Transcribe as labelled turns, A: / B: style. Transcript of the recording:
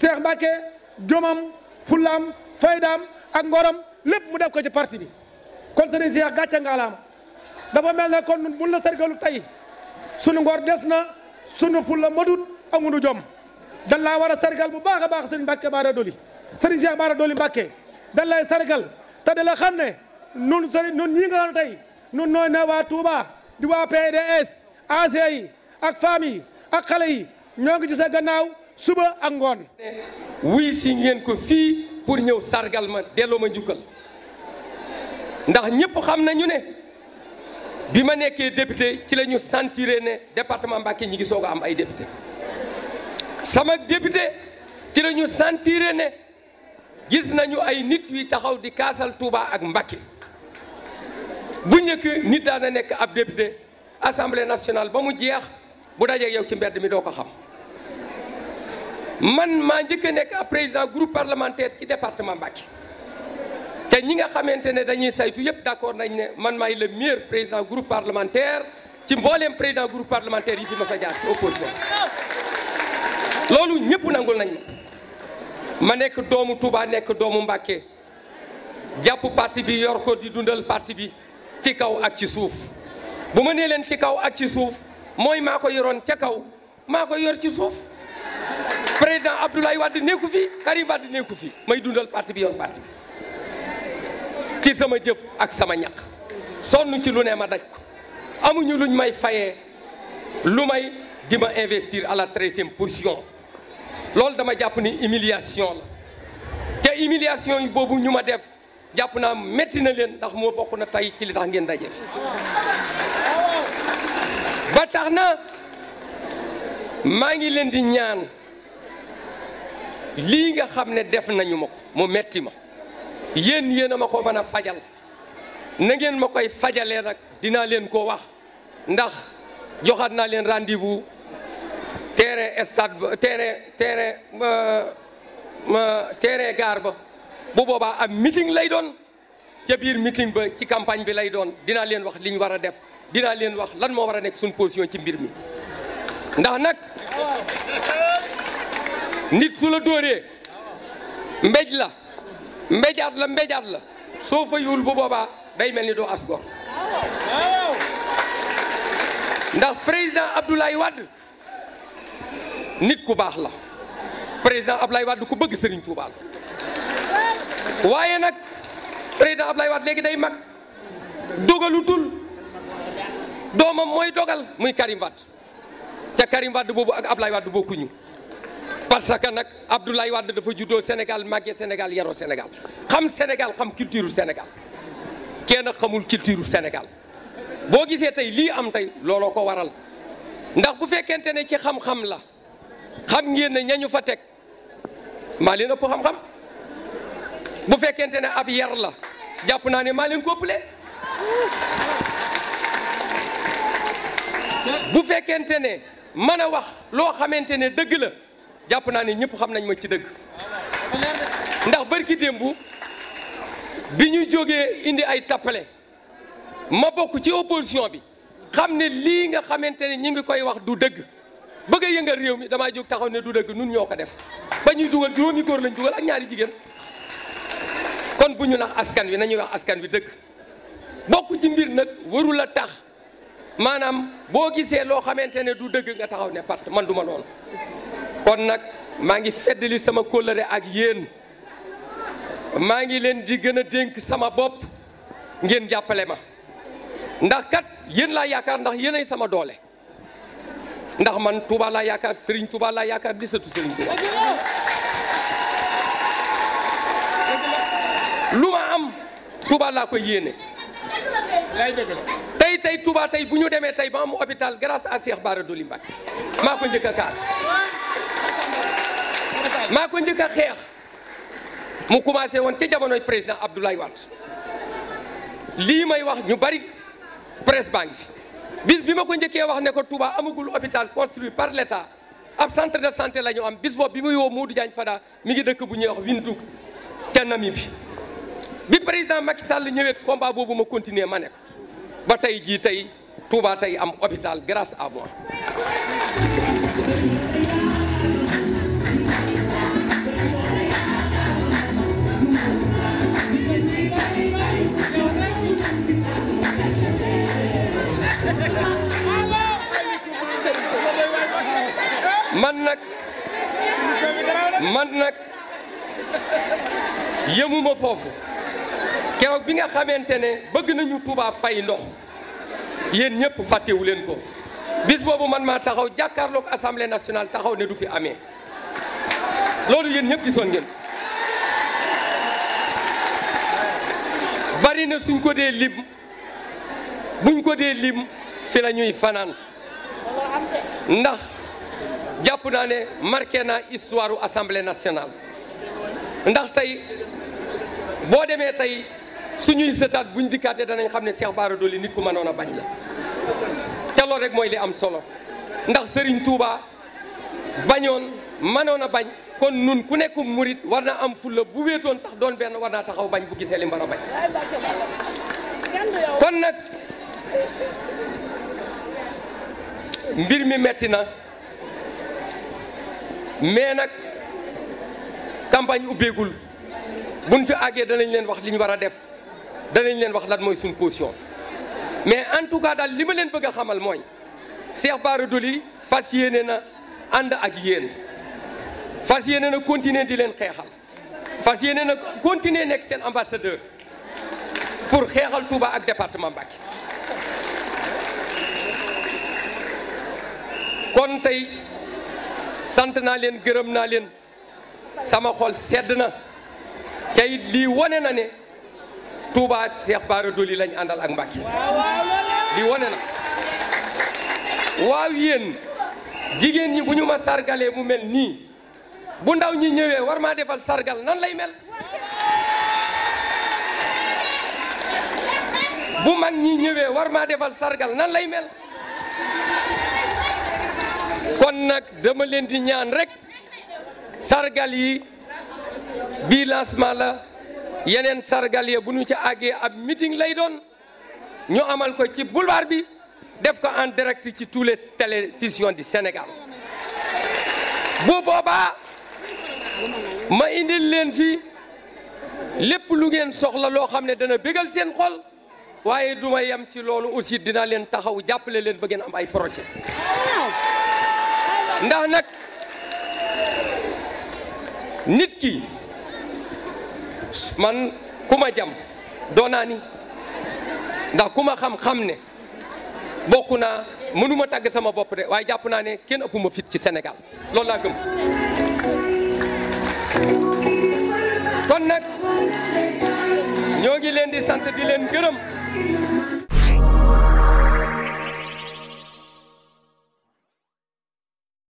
A: Cheikh Mbacké jomam fullaam faydaam ak ngoram lépp mu def ko ci parti bi kon sëriñ Cheikh gàcce ngaalaama dafa mel ne kon buñ la sargalu tey sunu ngor des na sunu fulla madut amunu jom dan laa war a sargal bu baax a baax sëriñ Mbacké Bara Dolly sëriñ Cheikh Bara Dolly Mbacké dan lay sargal te da la xam ne nun sëriñ nun ñii nga daan tey nun nooy ne waa Touba di waa PDS ACI ak femmes yi ak xale yi ñoo ngi ci sa gannaaw suba ak ngoon. wuy si ngeen ko fii pour ñëw sargal ma delloo ma njukkal ndax ñëpp xam nañu ne bi ma nekkee député ci la ñu sentiré ne département Mbacké ñi ngi soog am ay député sama député ci la ñu sentiré ne gis nañu ay nit wi taxaw di kaasal tuuba ak Mbacké bu njëkk nit daana nekk ab député assemblée nationale ba mu jeex bu dajee yow ci mbedd mi doo ko xam. man maa njëkk a nekk ab président groupe parlementaire ci département Mbacké te ñi nga xamante ne dañuy saytu yëpp d'accord nañ ne man maay le meilleur président groupe parlementaire ci mbooleem président groupe parlementaire yi fi ma fa jaar ci opposition loolu ñëpp nangul nañ ma ma nekk doomu Touba nekk doomu Mbacké jàpp parti bi yor ko di dundal parti bi ci kaw ak ci suuf bu ma nee leen ci kaw ak ci suuf mooy maa ko yoroon ca kaw maa ko yor ci suuf président Abdoulaye Wade nekku fi Karim Wade nekku fi may dundal parti bi yoon parti bi ci sama jëf ak sama ñàkk sonn ci lu ne ma daj ko amuñu luñ may fayee lu may di ma investir à la treizième position loolu dama jàpp ni humiliation la te humiliation yi boobu ñu ma def jàpp naa métti na leen ndax moo bokk na tey ci li tax ngeen daje fi ba tax na maa ngi leen di ñaan lii nga xam ne def nañu ma ko mu metti ma yéen yéen a ma ko mën a fajal na ngeen ma koy fajalee nag dinaa leen ko wax ndax joxaat naa leen rendez-vous terrain stade ba terrain terrain terrain gaar ba bu boobaa am meeting lay doon ca biir meeting ba ci campagne bi lay doon dinaa leen wax li ñu war a def dinaa leen wax lan moo war a nekk suñu position ci mbir mi ndax nag nit su la dóoree mbéj la mbéjaat la mbejaat la soo fa yuul bu boobaa day mel ni doo as ndax président Abdoulaye Wade nit ku baax la président Abdoulaye Wade ku bëgg sëriñ Touba waaye nag président Abdoulaye Wade léegi day mag dogalutul doomam mooy dogal muy Karim Wade ca Karim Wade boobu ak Abdoulaye Wade bokkuñu. parce que nag Abdoulaye Wade dafa juddoo Sénégal màggee Sénégal yaro Sénégal xam Sénégal xam culture Sénégal kenn xamul culture Sénégal boo gisee tey lii am tey looloo ko waral ndax bu fekkente ne ci xam-xam la xam ngeen ne ñañu fa teg maa leen ëpp xam-xam bu fekkente ne ab yar la jàpp naa ne maa leen ko ëppale bu fekkente ne mën a wax loo xamante ne dëgg la jàpp naa ne ñëpp xam nañ ma ci dëgg ndax bërki démb bi ñu jógee indi ay tappale ma bokk ci opposition bi xam ne lii nga xamante ne ñu ngi koy wax du dëgg bëgg a yëngal réew mi damaa jóg taxaw ne du dëgg nun ñoo ko def ba ñuy dugal juróomi góor lañ dugal ak ñaari jigéen kon bu ñu nax askan wi nañuy wax askan wi dëgg bokk ci mbir nag warul a tax maanaam boo gisee loo xamante ne du dëgg nga taxaw ne part man duma lool kon nag maa ngi feddali sama kóllëre ak yéen maa ngi leen di gën a dénk sama bopp ngeen jàppale ma ndax kat yéen laa yaakaar ndax yéenay sama doole ndax man Touba laa yaakaar sëriñ Touba laa yaakaar di sëtu Serigne lu ma am Touba laa koy yéene tey tey Touba tey bu ñu demee tey ba am hôpital grâce à Cheikh Bara Doli maa ko njëkk kaas maa ko njëkk a xeex mu commencé woon ca jamonoy président Abdoulaye Wade lii may wax ñu bari presse baa ngi fi bis bi ma ko njëkkee wax ne ko Touba amagul hôpital construit par l' état ab centre de santé la ñu am bis boobu bi muy woo Modou jaañ Fada mi ngi dëkk bu ñuy wax Windhoek ca Namibie bi président Macky sàll ñëwee combat boobu ma continuer ma ne ko ba tey jii tey Touba tey am hôpital grâce à moi. man nag man nag yëmuma foofu keroog bi nga xamante ne bëgg nañu Touba fay ndox yéen ñëpp fàttewu leen ko bis boobu man maa taxaw jàkkaarloog assemblée nationale taxaw ne du fi amee loolu yéen ñëpp gisoon ngeen bari na suñ ko dee lim buñ ko dee lim si la ñuy fanaan ndax jàpp naa ne marke naa histoire u assemblée nationale ndax tey boo demee tey suñuy sëtaat buñ dikkaatee danañ xam ne Cheikh Bara Dolly nit ku mënoon a bañ la te loolu rek mooy li am solo ndax sëriñ Touba bañoon mënoon a bañ kon nun ku nekk murit war na am fulla bu wéetoon sax doon benn war naa taxaw bañ bu gisee li mbar a bañ kon nag mbir mi metti na mais nag campagne ubbeegul buñ fi àggee danañ leen wax li ñu war a def danañ leen wax lan mooy suñ position mais en tout cas daal li ma leen bëgg a xamal mooy Cheikh Bara Dolly fas yéene na ànd ak yéen fas yéene na continuer di leen xeexal fas yéene na continuer nekk seen ambassadeur pour xeexal Touba ak département Mbacké kon tey sant naa leen gërëm naa leen sama xol sedd na tey lii wane na ne tuubaat Cheikh Bara Dolly lañ àndal ak Mbacke lii wane na waaw yéen jigéen ñi bu ñu ma sargalee mu mel nii bu ndaw ñi ñëwee war maa defal sargal nan lay mel bu mag ñi ñëwee war maa defal sargal nan lay mel nag dama leen di ñaan rek sargal yi bii lancement la yeneen sargal ya bu ñu ci àggee ab meeting lay doon ñu amal ko ci boulevard bi def ko en direct ci tous les di du Sénégal bu boobaa ma indil leen fi lépp lu ngeen soxla loo xam ne dana bégal seen xol waaye duma yem ci loolu aussi dina leen taxaw jàppale leen ba ngeen am ay projet ndax nag nit ki man ku ma jam doon naa ni ndax ku ma xam-xam ne bokk naa mënuma tàgg sama bopp de waaye jàpp naa ne kenn ma fit ci Sénégal loolu laa gëm kon nag ñoo ngi leen di sant di leen gërëm